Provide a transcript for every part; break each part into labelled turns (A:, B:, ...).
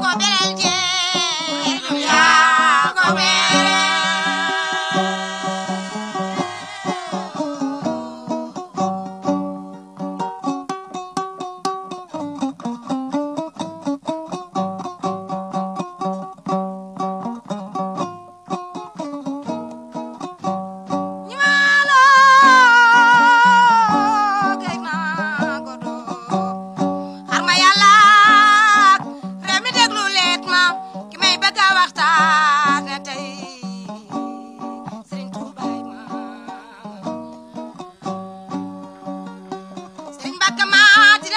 A: 我别来。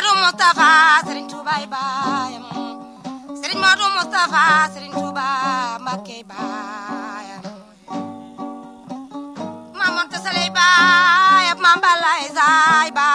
A: Modou Moustapha Serigne Touba ay baayam mm. Serigne Modou Moustapha Serigne Touba Mbacké baayam Maam Anta Sali baayam Maam Balaye Zaay baayam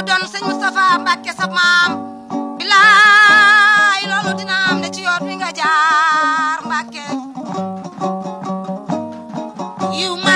A: moo doon sëñ Moustapha Mbacke sa maam bilaay loolu dina am ne ci yoon wi nga jaar Mbacke